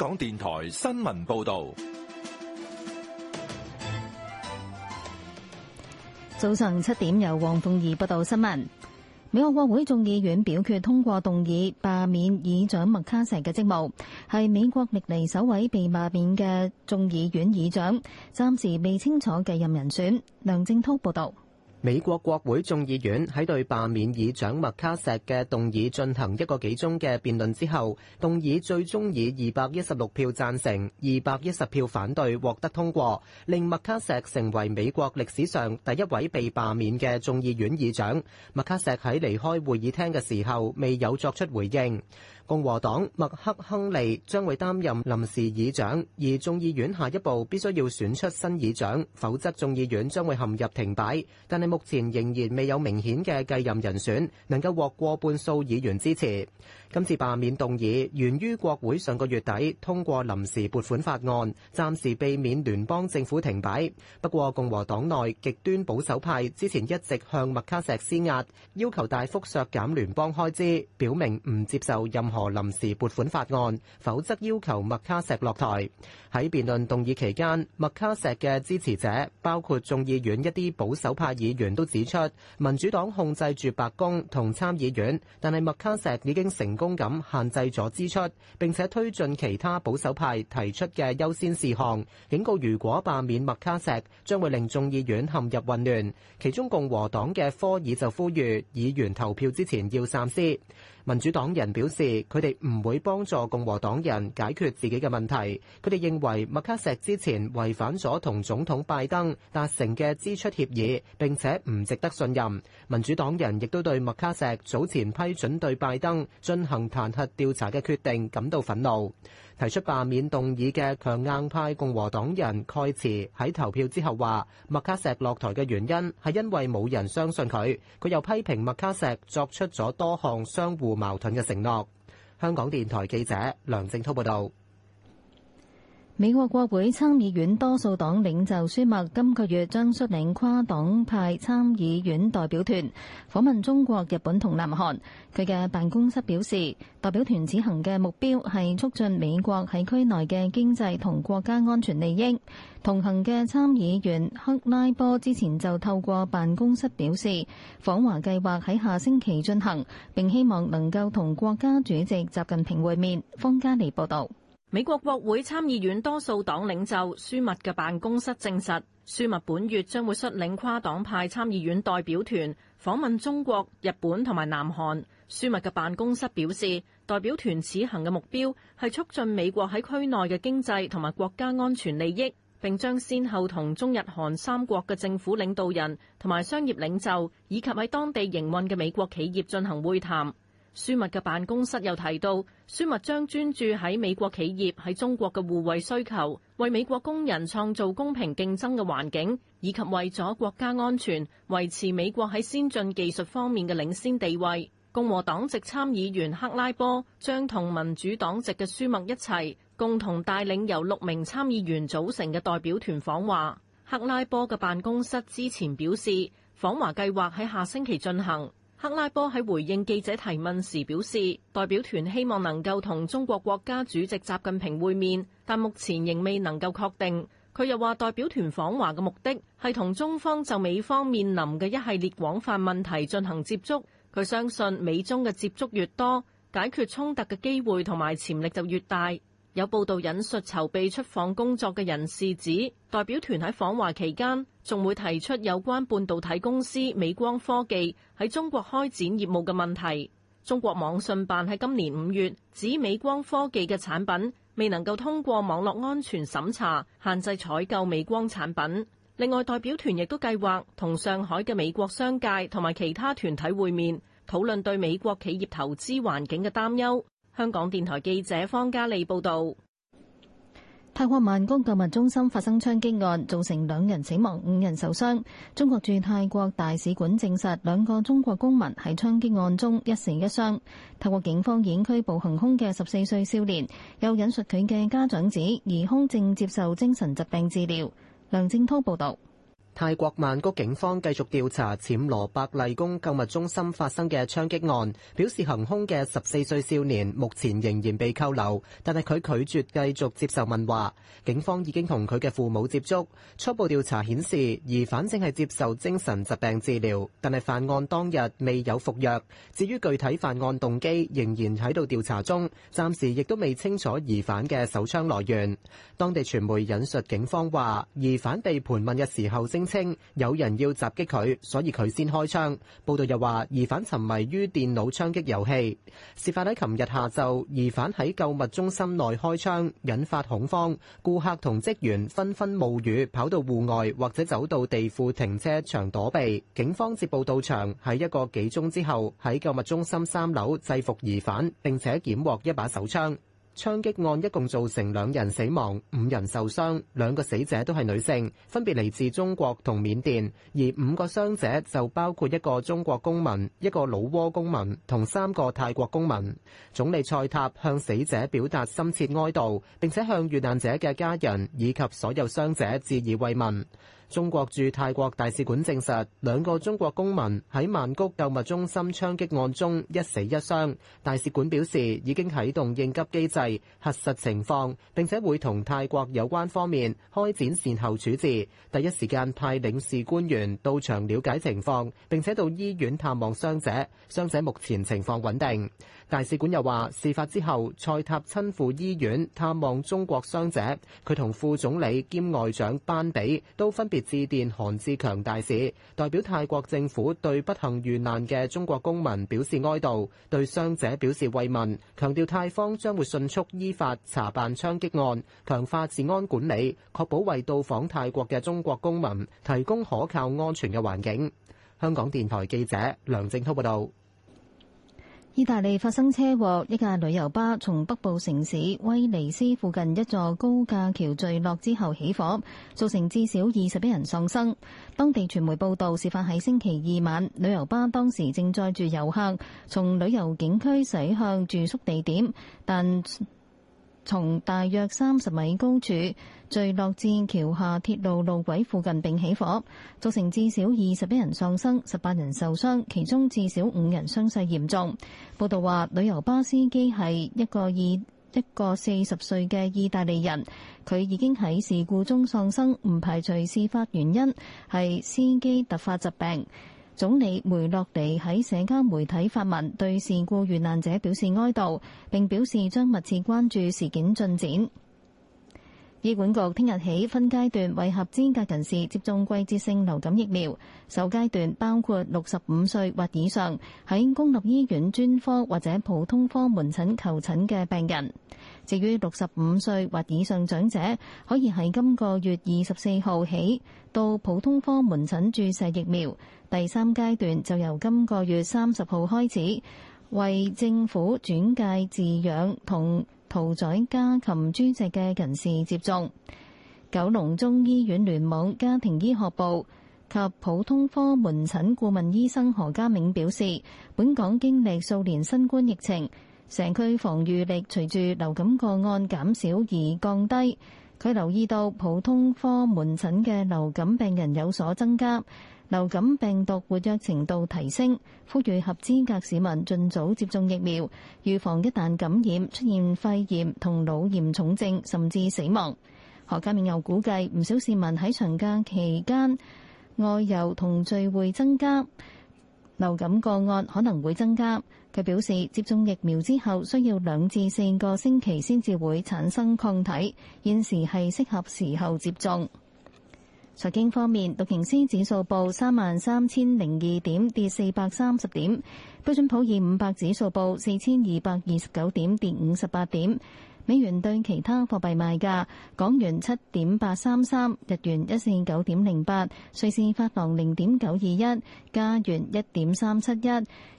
港電台新聞報道，早上七點由黃鳳儀報道新聞。美國國會眾議院表決通過動議罷免議長麥卡錫嘅職務，係美國歷嚟首位被罷免嘅眾議院議長，暫時未清楚繼任人選。梁正濤報道。美國國會眾議院喺對罷免議長麥卡錫嘅動議進行一個幾鐘嘅辯論之後，動議最終以二百一十六票贊成、二百一十票反對獲得通過，令麥卡錫成，成為美國歷史上第一位被罷免嘅眾議院議長。麥卡錫喺離開會議廳嘅時候未有作出回應。共和黨麥克亨利將會擔任臨時議長，而眾議院下一步必須要選出新議長，否則眾議院將會陷入停擺。但係目前仍然未有明顯嘅繼任人選能夠獲過半數議員支持。今次罷免動議源於國會上個月底通過臨時撥款法案，暫時避免聯邦政府停擺。不過共和黨內極端保守派之前一直向麥卡錫施壓，要求大幅削減聯邦開支，表明唔接受任何。和臨時撥款法案，否則要求麥卡錫落台。喺辯論動議期間，麥卡錫嘅支持者包括眾議院一啲保守派議員都指出，民主黨控制住白宮同參議院，但係麥卡錫已經成功咁限制咗支出，並且推進其他保守派提出嘅優先事項。警告：如果罷免麥卡錫，將會令眾議院陷入混亂。其中共和黨嘅科爾就呼籲議員投票之前要三思。民主黨人表示，佢哋唔會幫助共和黨人解決自己嘅問題。佢哋認為麥卡錫之前違反咗同總統拜登達成嘅支出協議，並且唔值得信任。民主黨人亦都對麥卡錫早前批准對拜登進行彈劾調查嘅決定感到憤怒。提出罷免動議嘅強硬派共和黨人蓋茨喺投票之後話麥卡錫落台嘅原因係因為冇人相信佢。佢又批評麥卡錫作出咗多項相互。矛盾嘅承諾，香港電台記者梁正濤報道。美國國會參議院多數黨領袖舒默今個月將率領跨黨派參議院代表團訪問中國、日本同南韓。佢嘅辦公室表示，代表團此行嘅目標係促進美國喺區內嘅經濟同國家安全利益。同行嘅參議員克拉波之前就透過辦公室表示，訪華計劃喺下星期進行，並希望能夠同國家主席習近平會面。方嘉莉報導。美國國會參議院多數黨領袖舒默嘅辦公室證實，舒默本月將會率領跨黨派參議院代表團訪問中國、日本同埋南韓。舒默嘅辦公室表示，代表團此行嘅目標係促進美國喺區內嘅經濟同埋國家安全利益，並將先後同中日韓三國嘅政府領導人同埋商業領袖，以及喺當地營運嘅美國企業進行會談。舒默嘅辦公室又提到，舒默將專注喺美國企業喺中國嘅護衛需求，為美國工人創造公平競爭嘅環境，以及為咗國家安全，維持美國喺先進技術方面嘅領先地位。共和黨籍參議員克拉波將同民主黨籍嘅舒默一齊，共同帶領由六名參議員組成嘅代表團訪華。克拉波嘅辦公室之前表示，訪華計劃喺下星期進行。克拉波喺回應記者提問時表示，代表團希望能夠同中國國家主席習近平會面，但目前仍未能夠確定。佢又話，代表團訪華嘅目的係同中方就美方面臨嘅一系列廣泛問題進行接觸。佢相信，美中嘅接觸越多，解決衝突嘅機會同埋潛力就越大。有報道引述籌備出訪工作嘅人士指，代表團喺訪華期間仲會提出有關半導體公司美光科技喺中國開展業務嘅問題。中國網信辦喺今年五月指美光科技嘅產品未能夠通過網絡安全審查，限制採購美光產品。另外，代表團亦都計劃同上海嘅美國商界同埋其他團體會面，討論對美國企業投資環境嘅擔憂。香港電台記者方嘉莉報道：泰國曼谷購物中心發生槍擊案，造成兩人死亡、五人受傷。中國駐泰國大使館證實，兩個中國公民喺槍擊案中一死一傷。泰國警方已經拘捕行凶嘅十四歲少年，又引述佢嘅家長指，疑凶正接受精神疾病治療。梁正濤報道。泰國曼谷警方繼續調查暹羅百麗宮購物中心發生嘅槍擊案，表示行兇嘅十四歲少年目前仍然被扣留，但係佢拒絕繼續接受問話。警方已經同佢嘅父母接觸，初步調查顯示疑犯正係接受精神疾病治療，但係犯案當日未有服藥。至於具體犯案動機仍然喺度調查中，暫時亦都未清楚疑犯嘅手槍來源。當地傳媒引述警方話，疑犯被盤問嘅時候稱有人要襲擊佢，所以佢先開槍。報道又話疑犯沉迷於電腦槍擊遊戲，事發喺琴日下晝，疑犯喺購物中心內開槍，引發恐慌，顧客同職員紛紛冒雨跑到戶外，或者走到地庫停車場躲避。警方接報到場，喺一個幾鐘之後，喺購物中心三樓制服疑犯，並且檢獲一把手槍。槍擊案一共造成兩人死亡、五人受傷，兩個死者都係女性，分別嚟自中國同緬甸，而五個傷者就包括一個中國公民、一個老撾公民同三個泰國公民。總理賽塔向死者表達深切哀悼，並且向遇難者嘅家人以及所有傷者致以慰問。中國駐泰國大使館證實，兩個中國公民喺曼谷購物中心槍擊案中一死一傷。大使館表示，已經啟動應急機制，核實情況，並且會同泰國有關方面開展善後處置，第一時間派領事官員到場了解情況，並且到醫院探望傷者，傷者目前情況穩定。大使館又話：事發之後，蔡塔親赴醫院探望中國傷者，佢同副總理兼外長班比都分別致電韓志強大使，代表泰國政府對不幸遇難嘅中國公民表示哀悼，對傷者表示慰問，強調泰方將會迅速依法查辦槍擊案，強化治安管理，確保為到訪泰國嘅中國公民提供可靠安全嘅環境。香港電台記者梁正滔報道。意大利發生車禍，一架旅遊巴從北部城市威尼斯附近一座高架橋墜落之後起火，造成至少二十一人喪生。當地傳媒報道，事發喺星期二晚，旅遊巴當時正載住遊客從旅遊景區駛向住宿地點，但從大約三十米高處墜落至橋下鐵路路軌附近並起火，造成至少二十一人喪生、十八人受傷，其中至少五人傷勢嚴重。報道話，旅遊巴司機係一個意一個四十歲嘅意大利人，佢已經喺事故中喪生，唔排除事發原因係司機突發疾病。總理梅洛尼喺社交媒體發文，對事故遇難者表示哀悼，並表示將密切關注事件進展。醫管局聽日起分階段為合資格人士接種季節性流感疫苗。首階段包括六十五歲或以上喺公立醫院專科或者普通科門診求診嘅病人。至於六十五歲或以上長者，可以喺今個月二十四號起到普通科門診注射疫苗。第三階段就由今個月三十號開始，為政府轉介治養同屠宰家禽豬隻嘅人士接種。九龍中醫院聯網家庭醫學部及普通科門診顧問醫生何家銘表示，本港經歷數年新冠疫情，城區防御力隨住流感個案減少而降低。佢留意到普通科門診嘅流感病人有所增加，流感病毒活躍程度提升，呼籲合資格市民盡早接種疫苗，預防一旦感染出現肺炎同腦炎重症，甚至死亡。何家銘又估計唔少市民喺長假期間外遊同聚會增加，流感個案可能會增加。佢表示，接種疫苗之後需要兩至四個星期先至會產生抗體，現時係適合時候接種。財經方面，道瓊斯指數報三萬三千零二點，跌四百三十點；標準普爾五百指數報四千二百二十九點，跌五十八點。美元兌其他貨幣賣價：港元七點八三三，日元一四九點零八，瑞士法郎零點九二一，加元一點三七一，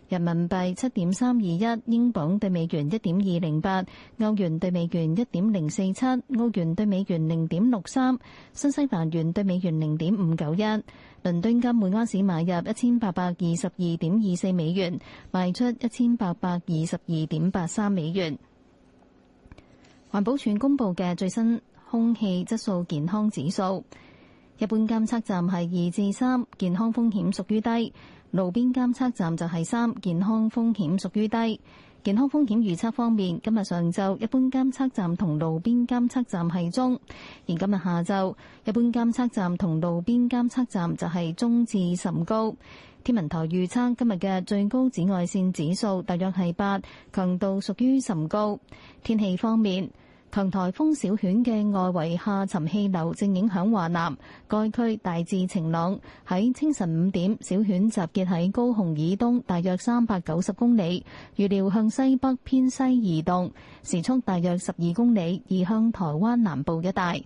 人民幣七點三二一，英鎊對美元一點二零八，歐元對美元一點零四七，澳元對美元零點六三，新西蘭元對美元零點五九一。倫敦金每盎司買入一千八百二十二點二四美元，賣出一千八百二十二點八三美元。環保署公布嘅最新空氣質素健康指數，一般監測站係二至三，健康風險屬於低；路邊監測站就係三，健康風險屬於低。健康風險預測方面，今日上晝一般監測站同路邊監測站係中，而今日下晝一般監測站同路邊監測站就係中至甚高。天文台預測今日嘅最高紫外線指數大約係八，強度屬於甚高。天氣方面。強台風小犬嘅外圍下沉氣流正影響華南，該區大致晴朗。喺清晨五點，小犬集結喺高雄以東，大約三百九十公里，預料向西北偏西移動，時速大約十二公里，移向台灣南部一帶。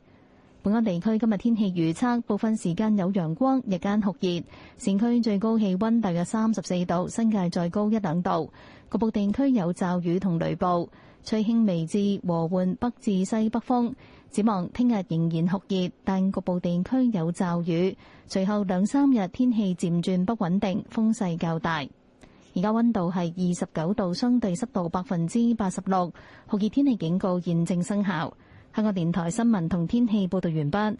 本港地區今日天，天氣預測，部分時間有陽光，日間酷熱，市區最高氣温大約三十四度，新界再高一兩度。局部地區有驟雨同雷暴，吹輕微至和緩北至西北風。展望聽日仍然酷熱，但局部地區有驟雨。隨後兩三日天氣漸轉不穩定，風勢較大。而家溫度係二十九度，相對濕度百分之八十六。酷熱天氣警告現正生效。香港電台新聞同天氣報道完畢。